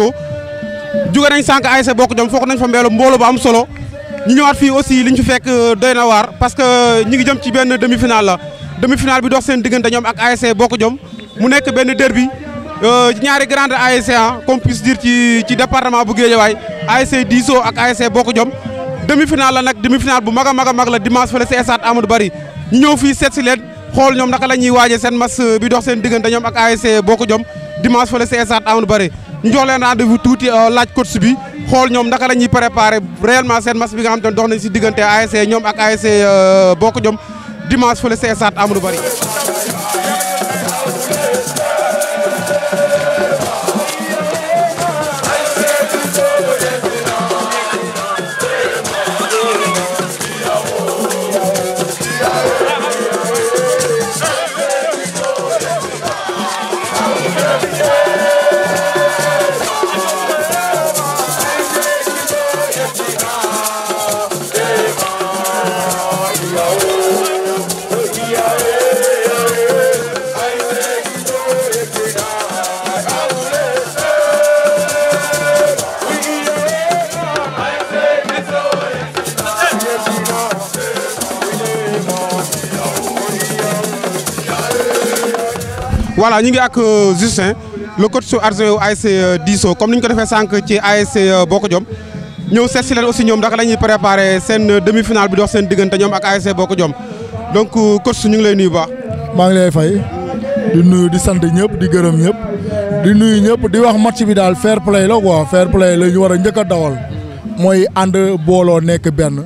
weesoo jóge nañ sànq ASC bokk jom foog nañ fa mbélo mbolo bu am solo ñu ñëwaat fi aussi liñ fi fekk euh, doyna war parce que euh, ñi ngi jëm ci ben demi finale la demi finale bi dox seen diggante ñoom ak ASC bokk jom mu nekk ben derby euh ñaari grande hein comme puisse dire ci ci département bu Guédiawaye ASC Diso ak ASC bokk jom demi finale la nak demi finale bu maga maga mag la dimanche fële si stade Amadou Barry ñu ñëw fi seet ci lène xol ñom naka lañuy wajé sen match euh, bi dox seen diggante ñoom ak ASC bokk jom dimanche fële si stade Amadou Barry ñu jox leen rendez tuuti euh, laaj coach bi xool ñoom naka la ñuy préparé réellement seen match bi nga xam te ne dox nañ si diggante ASC ñoom ak ASC euh, Bokk Jom dimanche fële ci stade Amadou Barry voilà ñu ngi ak euh, Justin le coach su adjoint ASC euh, Disso comme ni ñu ko defee sànq ci euh, boo ko Jom ñëw seet si leen aussi ñoom ndax lañuy ñuy seen demi finale bi dox seen diggante ñoom ak boo ko Jom donc su ñu ngi lay nuyu baax. maa ngi lay fay di nuyu di sant ñëpp di gërëm ñëpp di nuyu ñëpp di wax match bi daal fair play la quoi fair play la ñu war a njëkk a dawal mooy ànd booloo nekk benn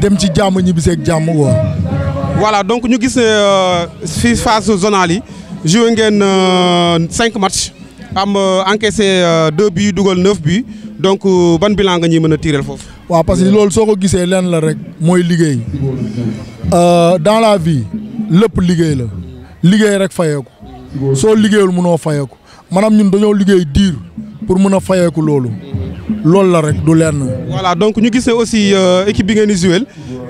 dem ci jàmm ñibbiseeg jàmm quoi. voilà donc ñu gis ne si phase zonale yi. joué ngeen euh, cinq matchs am euh, encaissé euh, deux buts dugal neuf bi donc ban bilan nga ñuy mën a tiireel foofu. waaw parce que loolu soo ko gisee lenn la rek mooy liggéey dans la vie lépp liggéey la liggéey rek fayeeku soo liggéeyul mënoo fayeeku maanaam ñun dañoo liggéey diir pour mën a fayeeku loolu. loolu la rek du lenn. voilà donc ñu gissé aussi euh, équipe bi ngeen di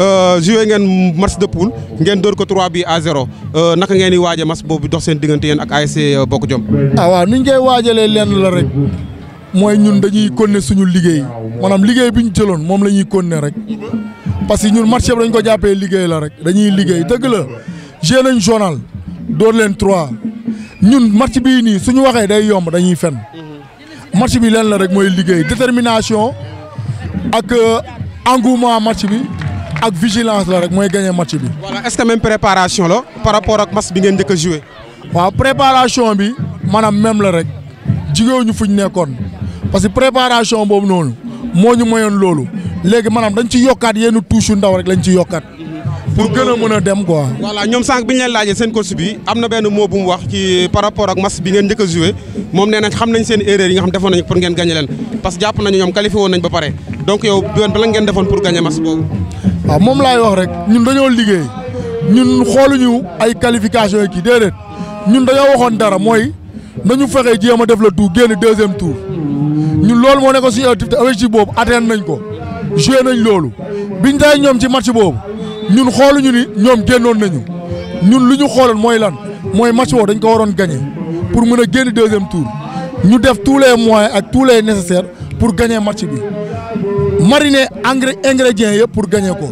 euh jouer ngeen match de poule ngeen door ko 3 bi à 0 euh naka ngeen di waaje match boobu dox sen digënté yeen ak ASC euh, Bokk Jom. ah wa ñu koy wajalé lenn la rek moy ñun dañuy continuer suñu liggéey manam liggéey bi ñu jëloon moom la ñuy rek parce que ñun match yëpp dañu ko jappé liggéey la rek dañuy liggéey deug la jé nañ journal door len 3 ñun match bi ni suñu waxé day yomb dañuy fen match bi leen la rek mooy liggéey détermination ak euh, engouement match bi ak vigilance la rek mooy gagné match bi. voilà est-ce que même préparation la par rapport ak match bi ngeen njëkk a joué. waaw préparation bi maanaam même la rek jigéewuñu fu ñu nekkoon parce que préparation boobu noonu moo ñu mayoon loolu léegi maanaam dañ ci yokkaat yenn touche ndaw rek lañ ci yokkaat. pour gën a mën a dem quoi. voilà ñoom sànq bi ñu leen laajee seen coach bi am na benn mot bu mu wax ci par rapport ak match bi ngeen njëkk a joué moom nee xam nañ seen erreur yi nga xam defoon nañ pour ngeen gagné leen parce que jàpp nañu ñoom qualifié woon nañ ba pare donc yow bi woon bala ngeen defoon pour gagné match boobu. waaw ah, moom laa wax rek ñun dañoo liggéey ñun xooluñu ay qualification yi kii déedéet ñun dañoo waxoon dara mooy nañu fexe jéem a def le tour génn deuxième tour ñun loolu moo nekkoon suñu objectif te objectif boobu nañ ko joué nañ loolu biñ day ñoom ci match boobu ñun xooluñu ni ñoom génnoon nañu ñun lu ñu xooloon mooy lan mooy match woo dañ ko waroon gagné pour mën a génn deuxième tour ñu def tous les moyens ak tous les nécessaires pour gagner match bi mariner engrais ingrédients yëpp pour gañe ko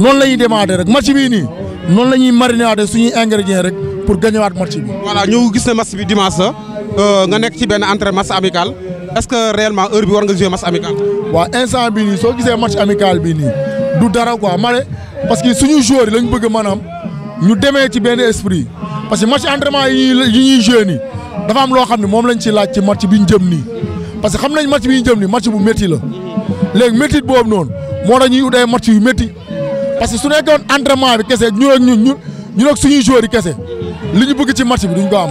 noonu la ñuy démarrer rek match bii nii noonu la ñuy mariner waate suñuy ingrédients rek pour gagner waat match bi. voilà ñu gis ne match bi dimanche la euh, nga nekk ci benn entre match amical est-ce que réellement bi war nga jouer match amical. waaw instant bii nii soo gisee match amical bii nii. du dara quoi ma parce que suñu joueurs yi lañ bëgg maanaam ñu demee ci benn esprit parce que match entraînement yi ñuy yi ñuy joué nii dafa am loo xam ne moom lañ ci laaj ci match bi ñu jëm nii. parce que xam nañ match bi ñu jëm nii match bu métti la léegi métti boobu noonu moo tax ñuy udee match yu métti parce que su nekkoon entraînement bi kese ñun ñu ñun ñun ak suñuy joueurs yi kese li ñu bëgg ci match bi duñ ko am.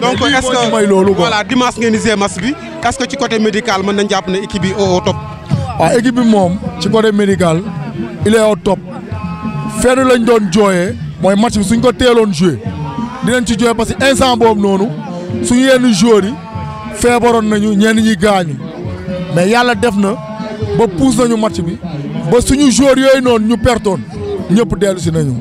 donc est-ce que voilà dimanche ngeen di bi est que ci côté médical mën nañ jàpp ne équipe bi au top. waaw équipe bi moom ci côté médical il est au top fenn lañ doon jooyee mooy match bi suñ ko teeloon joué dinañ ci jooyee parce que instant boobu noonu suñu yenn joueurs yi feebaroon nañu ñenn ñi gaañu mais yàlla def na ba pousse nañu match bi ba suñu joueurs yooyu noonu ñu pertoon ñëpp dellu si nañu.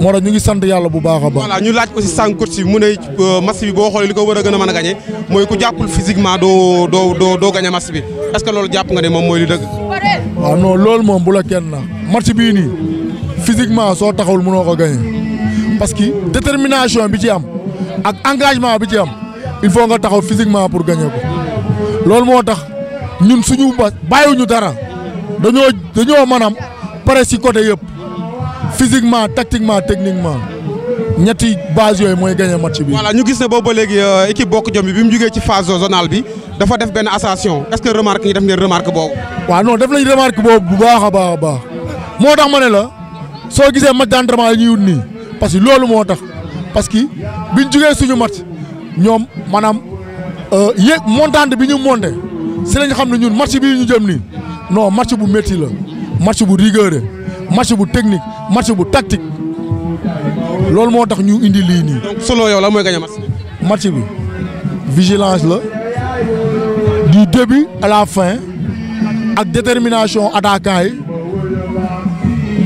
moo tax ñu ngi sant yàlla bu baax a baax. voilà ñu laaj aussi sànq coach si mu ne euh, match bi boo xoolee li ko war a gën a mën a gagné mooy ku jàppul physiquement doo doo doo doo gagné match bi. est que loolu jàpp nga ne moom mooy li dëgg. waaw non loolu moom bu la kenn na match bii nii physiquement soo taxawul mënoo ko gagné parce que détermination bi ci am ak engagement bi ci am il faut nga taxaw physiquement pour gagné ko loolu moo tax ñun suñu ba bàyyiwuñu dara dañoo dañoo maanaam pare si côté yëpp physiquement tactiquement techniquement. ñetti base yooyu mooy gagné match bi. voilà ñu gis ne boobu ba léegi euh, équipe bokk jom bi bi mu jugee ci phase zonale bi dafa def benn association est-ce que remarque ñi def ngeen remarque boobu. waaw non def nañ remarque boobu bu baax a baax a baax moo tax ma ne la soo gisee match d'entraînement yi ñuy wut nii parce que loolu moo tax parce que biñ jugee suñu match ñoom maanaam euh, yéeg montante bi ñu monté si lañ xam ne ñun match bii ñu jëm nii non match bu métti la match bu rigueur match bu technique match bu tactique loolu moo tax ñu indi lii nii. donc solo yow la mooy gañ match bi. match bi vigilance la. du début à la fin ak détermination attaquant yi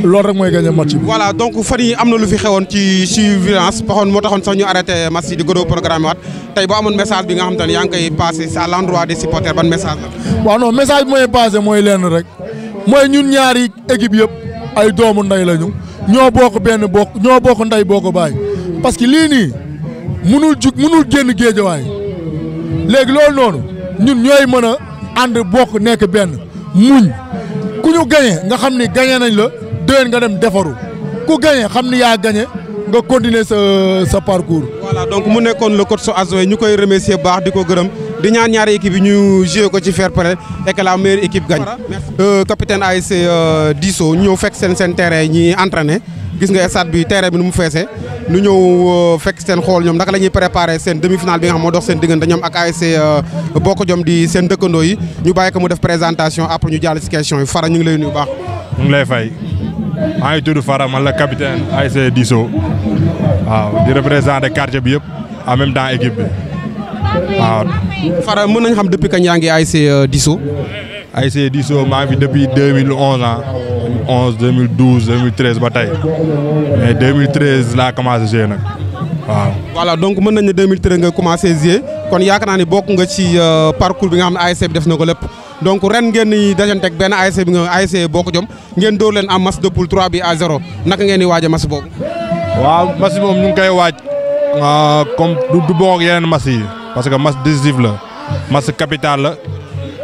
loolu rek mooy gagné match bi. voilà donc fan yi am na lu fi xewoon ci ci violence moo taxoon sax ñu arrêté match yi di gën programme waat tey boo amoon message bi nga xam te ne yaa ngi koy passé à l'endroit des supporters ban message la. waaw non message bi may mooy lenn rek mooy ñun ñaari équipe yëpp ay doomu ndey lañu ñoo bokk benn bokk ñoo bokk ndey boo ko parce que lii nii mënul jug mënul génn géejawaay léegi loolu noonu. ñun ñooy mën a ànd bokk nekk benn muñ ku ñu gañee nga xam ni gañee nañ la déwén nga dem defaru ku gañee xam ni yaa gañee nga continuer sa sa parcours. voilà donc mu nekkoon la le coach adjoint ñu koy remercier baax di ko gërëm di ñaan ñaari équipe yi ñu joué ko ci fair play et que équipe meilleure équipe gagne. Euh, capitaine ASC euh, Disso ñëw fekk seen seen terrain ñi entraîné. gis nga stade bi terrain bi nu mu feesee nu ñëw euh, fekk seen xool ñoom naka la ñuy préparé seen demi finale bi nga xam moo dox seen diggante ñoom euh, Jom di seen dëkkandoo yi ñu bàyyi ko mu def présentation après ñu jàll ci question yi Fara ñu ngi lay nuyu baax. ñu ngi fay maa ngi tudd Fara man la capitaine ASC Disso waaw di représenté quartier bi yëpp en même temps équipe bi waaw. Fara mën nañ xam depuis kañ yaa ngi ASC euh, Disso. ASC Disso maa ngi fi depuis 2011 ah. 2011 2012 2013 ba tey mais 2013 laa commencé jouer nag waaw. voilà donc mën nañ ne 2013 nga commencé jouer kon yaakaar naa ne bokk nga ci euh, parcours bi nga xam ne ASC bi def na ko lépp donc ren ngeen ni dajanteeg benn ASC bi nga ASC bokk jom ngeen dóor leen am match de poule bi à 0 naka ngeen di waaj a match boobu. waaw match bi moom ñu ngi koy waaj euh, comme du du bokk yeneen match yi parce que match décisif la match capital la.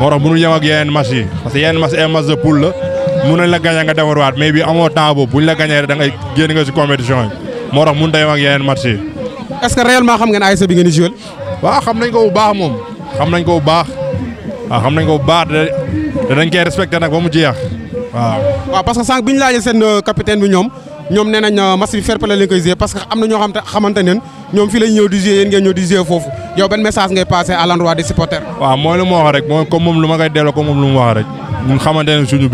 moo tax mënul yem ak yeneen match yi parce que yeneen match ay match de poule la mën nañ la gagné nga defarwaat mais bi amoo temps boobu buñ la gagné da génn nga si compétition yi moo tax mënut a yem ak yeneen match yi. est-ce que réellement xam ngeen ASC bi ngeen di joué. waaw xam nañ ko bu baax moom xam nañ ko bu baax waaw xam nañ ko bu baax danañ koy respecté nag ba mu jeex waaw. waaw parce que sànq bi ñu laajee seen euh, capitaine bi ñoom. Nous ah, fair parce que amna ñoo Je ne message ngay passer à l'endroit des supporters. waaw je lu mo wax rek comme mom luma suis comme lu mo wax rek ñun suñu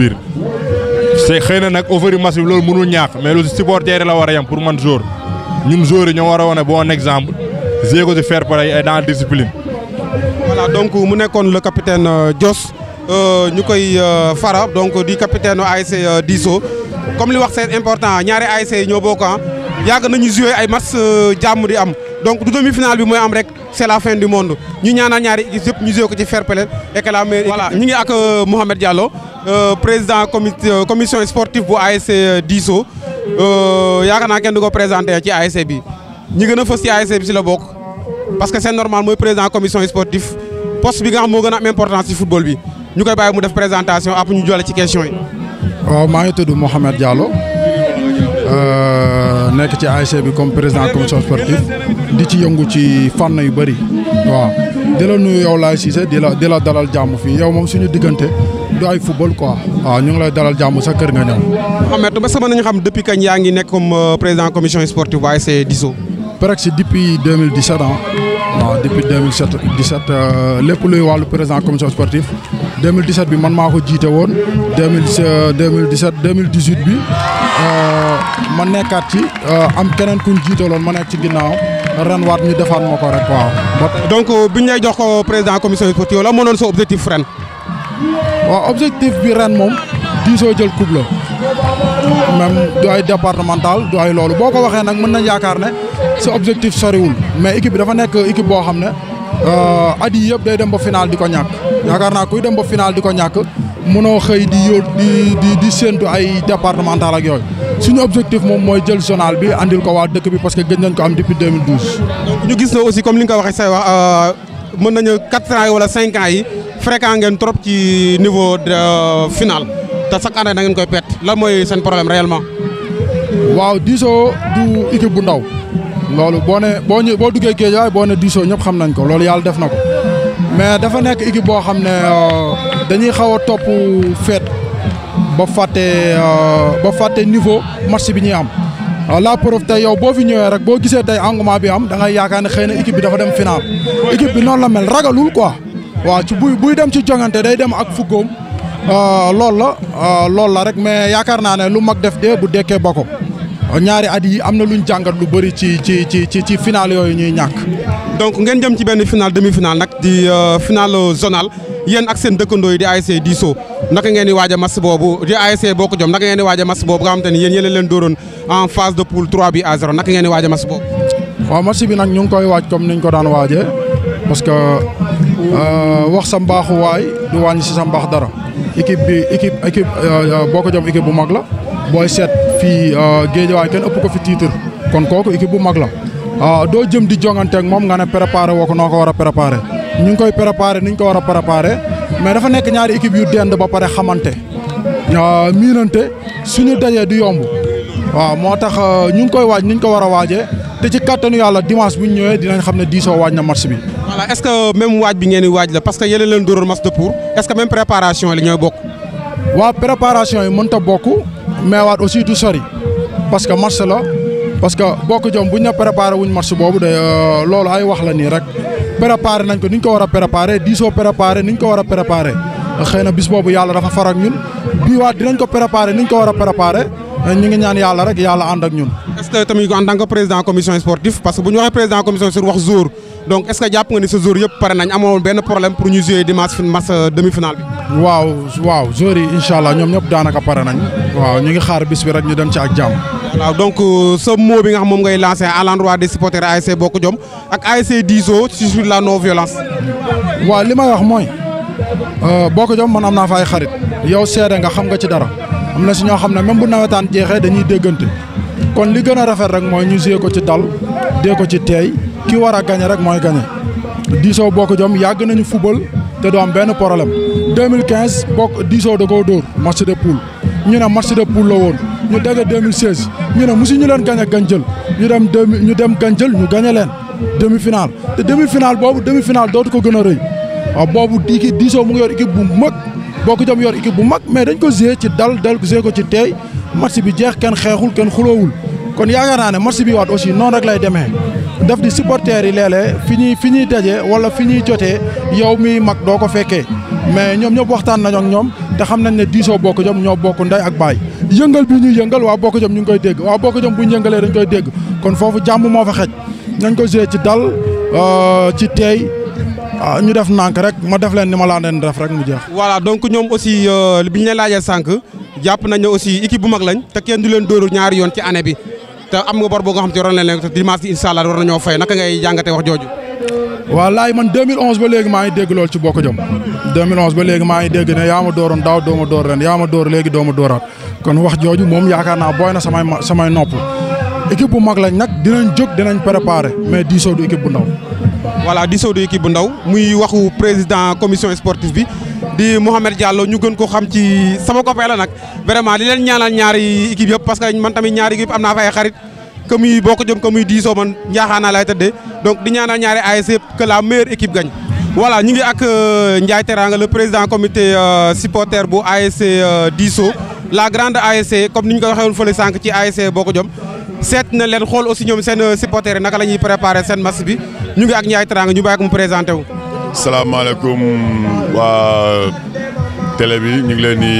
c'est xeyna nak offrir match bi mais lu supporter la wara yam pour man jour ñun jour ñoo wara woné bon exemple dans la discipline. voilà donc mu nékkone le capitaine Nous euh, euh, euh, fara donc di capitaine AIC Disso comme li wax c'est important ñaari ASC ñoo bokk ah. yag nañu jouer ay match euh, jamm di am donc du demi finale bi moy am rek c'est la fin du monde ñu ñaanal ñaari équipe yëpp ñu joué ko ci fair play et que la meilleure voilà ñu ngi ak euh, Mohamed Diallo euh, président comité commission sportive bu ASC euh yag na kenn du ko présenté ci ASC bi ñi gëna a ci ASC bi si la bokk parce que c'est normal moy président commission sportive poste bi nga xam moo gën am importance ci football bi ñu koy bàyyi mu def présentation après ñu jolle ci question yi waaw maa ngi tudd Mouhamed Diallo euh, nekk ci ASC bi comme président commission sportive di ci yëngu ci fànn yu bëri waaw di la nuyu yow laay Cissé di la di la dalal jàmm fii yow moom suñu diggante du ay football quoi waaw ñu ngi lay dalal jàmm sa kër nga ñëw. Mouhamed ba sama nañu xam depuis kañ yaa ngi nekk comme euh, président commission sportive bu ASC Disso. presque depuis 2017 ah waaw depuis 2017 euh, lépp luy wàllu président commission sportive. 2017 bi man mako jité won 2017 2018 bi euh, man nekkaat ci euh, am kenen kuñ lon man nekk ci ginnaw ren wat ñu defal mako rek waaw. donc euh, biñ lay jox ko président commission sportive la moo doon objectif ren. wa objectif bi ren mom diisoo jël coupe la même du ay départemental du ay loolu boo ko waxee mën na yakar ne sa objectif wul mais équipe bi dafa nekk équipe bo xam euh adi yeb day dem ba final di ñak yaakaar naa kuy dem ba final di ko ñàkk mënoo xëy di yóot di di di séentu ay départemental ak yooyu suñu objectif moom mooy jël zonal bi andil ko waa dëkk bi parce que gën nañ ko am depuis 2012. ñu gis na aussi comme li nga waxee say wax euh, mën nañu 4 ans yi wala 5 ans yi fréquent ngeen trop ci niveau euh, final te sax année da ngeen koy pet lan mooy seen problème réellement. waaw diisoo du équipe bu ndaw loolu boo ne boo ñu boo duggee géej boo ne diisoo ñëpp xam nañ ko loolu yàlla def na ko. mais dafa nekk équipe boo xam ne euh, dañuy xaw a topp feet ba fàtte euh, ba fàtte niveau match bi ñuy am la preuve tey yow boo fi ñëwee rek boo gisee tey engouement bi am dangay yaakaar ne xëy na équipe bi dafa dem final équipe bi noonu la mel ragalul ko waaw ci buy buy dem ci jongante day dem ak fukkoom euh, loolu la loolu la rek mais yaakaar naa ne lu mag def dee bu dekkee ba ko ñaari at yi am na luñ jàngat lu bëri ci ci ci ci final yooyu ñuy ñàkk. donc ngeen jëm ci benn final demi final nag di euh, final zonal yéen ak seen dëkkandoo yi di ASC Disso naka ngeen di waaj a boobu di boo Bokk Jom naka ngeen di waaja a mas boobu nga xam te ne yéen yéen leen dóoroon en phase bi à 0 naka ngeen a mas boobu. waaw match bi nag ñu ngi koy waaj comme niñ ko daan waajee parce que euh, wax sa mbaaxu waay du wàññi si sa mbaax dara équipe bi équipe euh, boo ko Jom équipe bu mag la booy seet fii géej waay kenn ëpp ko fi titre kon kooku équipe bu mag la. Ah, doo jëm di jongante ak moom nga ne préparé woo ko noo ko war a préparé ñu ngi koy préparé ni ko war a préparé mais dafa nekk ñaari équipe yu dend ba pare xamante ah, miinante suñu dajee du yomb waaw ah, moo tax ñu ngi koy waaj ni ñu ko war a waajee te ci kàttanu yàlla dimanche bu ñu ñëwee dinañ xam ne diisoo waaj na match bi. voilà est-ce waaj bi ngeen di waaj la parce que yéen leen dóoroon match de poule est-ce que même préparation yi la ñooy bokk. waaw préparation yi mënut a bokk mais waat aussi du sori parce que match la. parce que bokk jom buñ na préparé wuñ marché bobu de euh, lolu ay wax la ni rek préparé nañ ko niñ ko wara préparé diso préparé niñ ko wara préparé xeyna bis bobu yalla dafa far ak ñun bi wa dinañ ko préparé niñ ko wara préparé ñi ngi ñaan yalla rek yalla and ak ñun. est ce que tamit en tant que président commission sportif parce que bu waxe président commission sur wax jour donc est ce que japp nga ni ce jour yëpp paré nañ amoon ben problème pour ñu jouer dimanche match euh, demi finale bi. waaw waaw jour yi incha danaka ñoom ñëpp daanaka nañ. waaw ñi ngi xaar bis bi rek ñu dem ci ak jamm waaw donc sa euh, moo bi nga xam moom ngay lancé à l'endroit des supporters ASC Bokk Jom ak ASC Diso sur la non violence. waaw li may wax mooy euh, Bokk Jom man am naa fa ay xarit yow seede nga xam nga ci dara am na si ñoo xam ne même bu nawetaan jeexee dañuy déggante kon li gën a rafet rek mooy ñu jiyee ko ci dal dee ko ci teey ki war a gañe rek mooy gañe Diso Bokk Jom yàgg nañu football te du am benn problème 2015 bokk Diso da koo dóor match de poule ñu ne match de poule ñu daje 2016 ñu ne musi ñu leen gañ a gañ jël ñu dem demi ñu dem gañ jël ñu gañ leen demi final te demi final boobu demi final dootu ko gën a rëy waaw ah, boobu di diisoo mu yor équipe bu mag boo ko jëm yor équipe bu mag mais dañ ko gérer ci dal dal gérer ko ci teey match bi jeex kenn xeexul kenn xuloowul kon yaakaar naa ne match bi waat aussi noonu rek lay demee def di supporters yi léeg fi ñuy fi ñuy daje wala fi ñuy jotee yow miy mag doo ko fekkee mais ñoom ñëpp waxtaan nañu ñoom te xam nañ ne diisoo bokk jom ñoo bokk ndey ak baay yëngal bi ñuy yëngal waa Bokk Jom ñu ngi koy dégg waa Bokk Jom bu ñu yëngalee dañ koy dégg kon foofu jàmm moo fa xej nañ ko joué ci dal euh, ci teey euh, ñu def nànk rek ma def leen ni ma laa leen def rek mu jeex. voilà donc ñoom aussi euh, bi ñu leen laajee sànq jàpp nañ ne aussi équipe bu mag lañ te kenn du leen dóoru ñaari yoon ci année bi te am nga bor nga xam te yoroon leen te dimanche bi incha allah war nañoo fay naka ngay jàngatee wax jooju. wallaay man 2011 ba léegi maa ngi dégg loolu ci Bokk Jom 2011 ba léegi maa ngi dégg ne yaa ma dooroon daaw doo ma door ren yaa ma door léegi doo dooraat kon wax jooju moom yaakaar naa booy na samay samay nopp équipe bu mag lañ nag dinañ jóg dinañ préparer mais di du équipe bu ndaw. voilà diisoo du équipe bu ndaw muy waxu président commission sportive bi di Mouhamed Diallo ñu gën ko xam ci sama copain la nag vraiment li leen ñaanal ñaari équipe yëpp parce que man tamit ñaari équipe am naa fa ay que muy boo ko jom que muy diisoo man njaaxaanaa lay tëddee donc di ñaanal ñaari ASC e que la meilleure équipe gagne. voilà ñu ngi ak euh, Ndiaye Teranga le président comité euh, supporter bu ASC e, euh, diisoo la grande ASC e, comme ni ñu ko waxee woon fële sànq ci ASC boo ko jom seet na leen xool aussi ñoom seen supporter naka la ñuy préparé seen match bi ñu ngi ak Ndiaye Teranga ñu bàyyi ko mu présenté wu. salaamaaleykum waa. télé bi ñu ngi leen di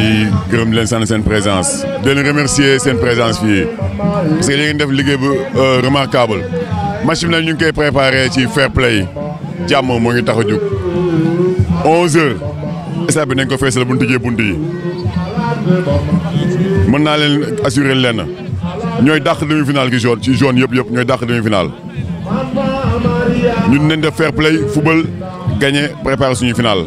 gërëm di leen présence De les remercier seen présence fii parce que yéen ngi def liggéey euh, remarquable match bi nag ñu ngi préparé ci fair play jàmm moo ngi tax a jóg 11h stade bi nañ ko feesal bu ñu tijjee bunt yi mën naa leen assurer lenn ñooy dàq demi-finale gi jaune ci jaune yëpp yëpp ñooy dàq demi-finale ñun nañ def fair play football gagné préparé suñu finale.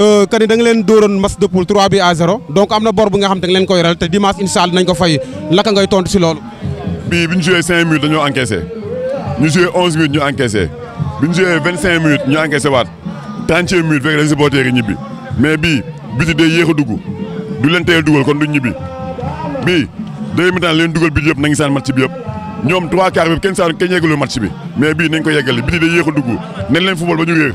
Euh, que ni da nga leen dóoroon match de poule 3 bi à 0 donc am na bor bu nga xam te nga leen koy yoral te dimanche incha allah dinañ ko fay laka ngay tontu si loolu. bii bi ñu joué dañoo encaissé ñu joué 11 minutes ñu encaissé bi ñu joué 25 minutes ñu encaissé waat 30 minutes fekk dañ supporter yi ñibbi mais bii biti dee yéex a dugg du leen teel dugal kon du ñibbi bii day mitaan leen dugal biti yëpp nañu saan match bi yëpp ñoom 3 quarts bi kenn saan kenn yeggalul bii nañ ko yeggali biti day yéex a dugg nañ leen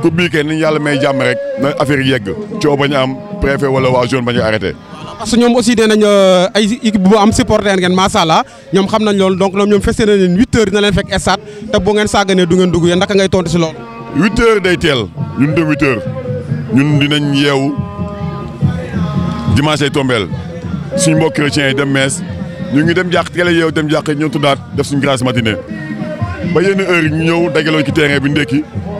coupe bii kenn ni yàlla may jàmm rek na affaire yi yegg coow bañ am préfet wala waa zone bañ a arrêté. parce ñoom aussi nee nañ euh, ay équipe bu am supporter ngeen macha allah ñoom xam nañ loolu donc ñoom feste na leen huit heures dina leen fekk stade te boo ngeen sàgganee du ngeen dugg yéen naka ngay tontu si loolu. huit heures day teel ñun de huit heures ñun dinañ yeewu dimanche ay tombeel suñu mbokk chrétiens yi dem mees ñu ngi dem jàq teel a yeewu dem jàq ñëw tuddaat def suñu grâce matinée ba yenn heure ñu ñëw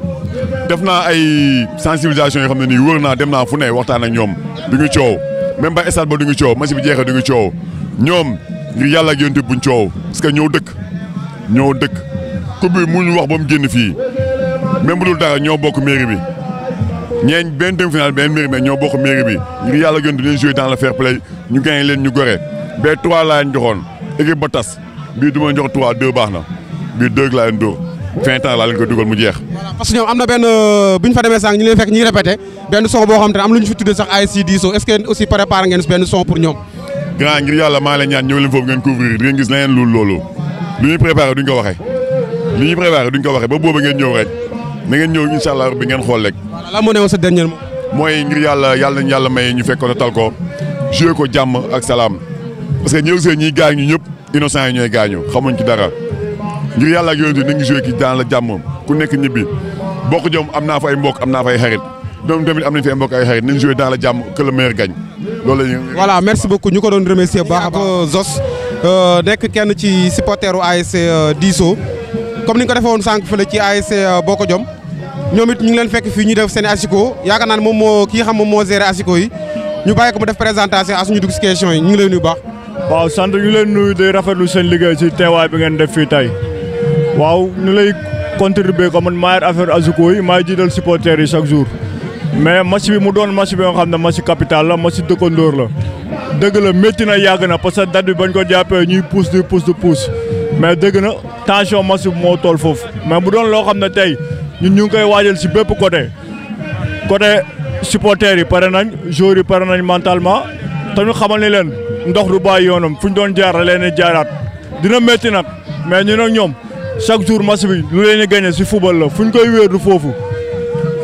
def naa ay sensibilisation yoo xam ne nii wër naa dem naa fu ne waxtaan ak ñoom du ñu coow même ba stade ba du ñu coow match bi jeexee du ñu coow ñoom ngir yàlla ak yonte buñ coow parce que ñoo dëkk ñoo dëkk coupe bi mu ñu wax ba mu génn fii même bu dul dara ñoo bokk mairie bi ñeen benn demi final benn mairie mais ñoo bokk mairie bi ngir yàlla ak yonte dinañ jouer dans le ñu gagné leen ñu gore ba trois laa joxoon équipe ba tas bii du ma jox trois deux baax na bii deux laa vingt ans laa leen koy dugal mu jeex. parce que ñoom am na benn euh, bu ñu fa demee sànq ñu leen fekk ñu ngi benn son boo xam te am lu ñu fi tuddee sax ASC diisoo est-ce que aussi préparé ngeen benn son pour ñoom. grand ngir yàlla maa bi ngeen xool rek. voilà lan moo newoon sa dernier ñu fekkoon a tal ko joué ko jàmm ak salaam parce que ñëw see ñiy gaañu ñëpp innocent yi ñooy gaañu xamuñ ci dara ngir yàlla ak yonent nañu joué ki daan la jàmmoom ku nekk ñibbi bokk jom am naa fa ay mbokk am naa fa ay xarit ñoom tamit am nañu fi ay mbokk ay xarit nañu joué dans la jàmm que le loolu la ñu. voilà merci beaucoup ñu ko doon remercier baax ab Zos. Euh, nekk kenn ci supporteru ASC euh, Disso comme ni nga ko defee woon sànq fële ci ASC euh, Bokk Jom ñoom it ñu ngi leen fekk fii ñu def seen asiko yaakaar naa ne moom moo kii xam moom moo gérer asiko yi ñu bàyyi ko mu def présentation ak suñu dugg si yi ñu ngi lay nuyu baax. waaw sant ñu seen liggéey ci teewaay bi ngeen def fii tey. waaw ñu lay contribuer comme man maay affaire Azuko yi maay jiital supporters yi chaque jour mais match bi mu doon match bi nga xam ne match capital la match dëkkandóor la dëgg la métti na yàgg na parce que date bi bañ ko jàppee ñuy pousse di pousse di pousse mais dëgg na tension match bi moo tool foofu mais bu doon loo xam ne tey ñun ñu ngi koy waajal si bépp côté côté supporters yi pare nañ joueurs yi pare nañ mentalement te ñu xamal ni leen ndox du bàyyi yoonam fu ñu doon jaar leen jaaraat dina métti nag mais ñu nag chaque jour match bi lu leen di gagné si football la fu ñu koy wéeru foofu.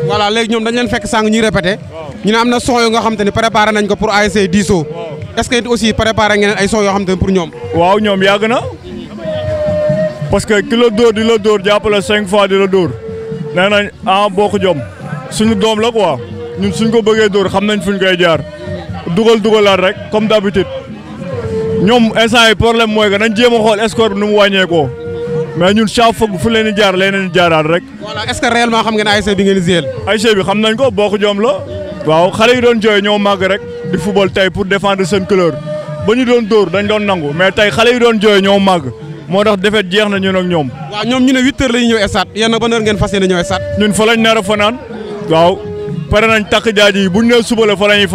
voilà léegi ñoom dañ leen fekk sàng ñuy répété. ñu ne am na son yoo nga xam te ne préparé nañ ko pour ASC diisoo. est-ce que it aussi préparé ngeen ay son yoo xam te ne pour ñoom. waaw ñoom yàgg na parce que kilo la dóor di la dóor jàppale cinq fois di la dóor nee am ah bokk jom suñu doom la quoi ñun suñ ko bëggee dóor xam nañ fuñ koy jaar dugal dugalaat rek comme d'habitude ñoom instant yi problème mooy que nañ jéem a xool score nu mu wàññeekoo. mais ñun chaque fois fu leen di jaar leneen jaaraat rek. voilà est-ce que réellement xam ngeen ASC bi ngeen ziyeel. ASC bi xam nañ ko bokk jom la. waaw xale yi doon jooy ñoo màgg rek di football tey pour défendre seen couleur ba ñu doon dóor dañ doon nangu mais tey xale yi doon jooy ñoo màgg moo tax defet jeex na ñun ak ñoom. ñoom ñu ne huit heures la ñuy ñëw stade yéen nag ban ngeen fas yéene ñëw stade. ñun fa lañ nar a fanaan. waaw pare nañ takk jaaji yi bu ñu nee suba la fa leen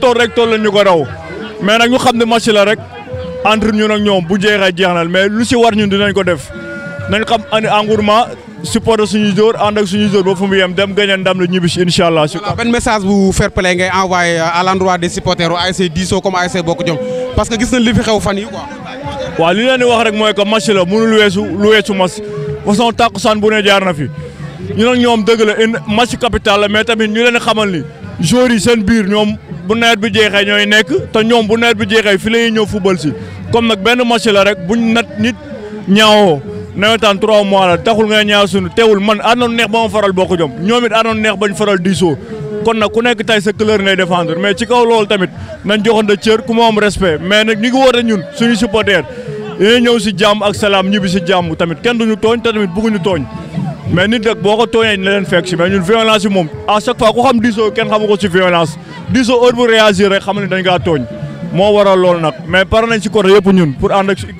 tool rek tool lañ ko raw mais nag ñu xam ne match la rek entre ñun ak ñoom bu jeexee jeex na mais lu si war ñun dinañ ko def nañ xam ani engouement supporter suñu joor ànd ak suñu joor ba fu mu yem dem gañe ndam la ñibbi si incha allah. voilà benn message bu fair play ngay envoyé à l' endroit des supporters wu ASC Disso comme ASC Bokk Jom parce que gis nañ li fi xew fan yi quoi. li leen wax rek mooy que match la mënul weesu lu weesu match façon tàkkusaan bu ne jaar na fi ñu nag ñoom dëgg la une match capital mais tamit ñu leen xamal ni joueurs yi seen ñoom bu nawet bi jeexee ñooy nekk te ñoom bu nawet bi jeexee fi ñëw football si. comme nag benn match la rek bu nat nit ñaawoo nawetaan trois mois la taxul ngay ñaaw suñu teewul man àndoon neex ba ma faral boo bokk jom ñoom it àndoon neex bañ faral diisoo kon nag ku nekk tey sa couleur ngay défendre mais ci kaw loolu tamit nañ joxante cër ku ma am respect mais nag ñi ngi woote ñun suñu supporter yéen ñëw si jàmm ak salaam ñibbi si jàmm tamit kenn duñu tooñ te tamit bëgguñu tooñ mais nit rek boo ko tooñee na leen fekk si mais ñun violence yi ko si violence diisoo heure ne dañ tooñ mo waral lol nak mais par ci pour and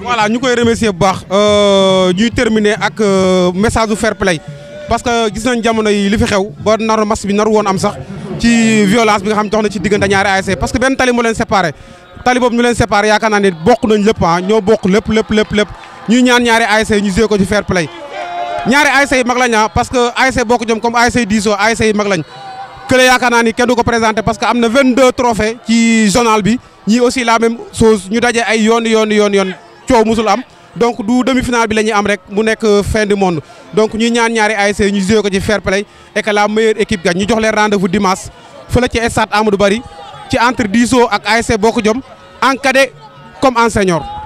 voilà ñukoy remercier bu baax. Euh, ñuy terminer ak euh, message fair play parce que gis nañ jamono yi li fi xew naru bi am sax ci violence bi nga xam ci ñaari parce que ben tali leen séparé tali ñu leen séparé yaakaar na ne bokku nañ lepp ah, ñoo bokku lepp lepp lepp lepp ñuy ñaan ñaari ASC ñu ko ci fair play ñaari ASC lañ ah, parce que comme lañ ni parce que amna 22 trophées ci journal bi. ñii aussi la même chose ñu daje ay yoon yoon yoon yoon coow musul am donc du demi-finale bi la ñuy am rek mu nekk euh, fin du monde ñu ñaan ñaari ay ñu joué ko ci fair play et que la meilleure ñu jox leen rendez-vous dimanche fële ci stade Amadou Barry ci entre Diso ak ASC Bokk Jom en cadet comme en senior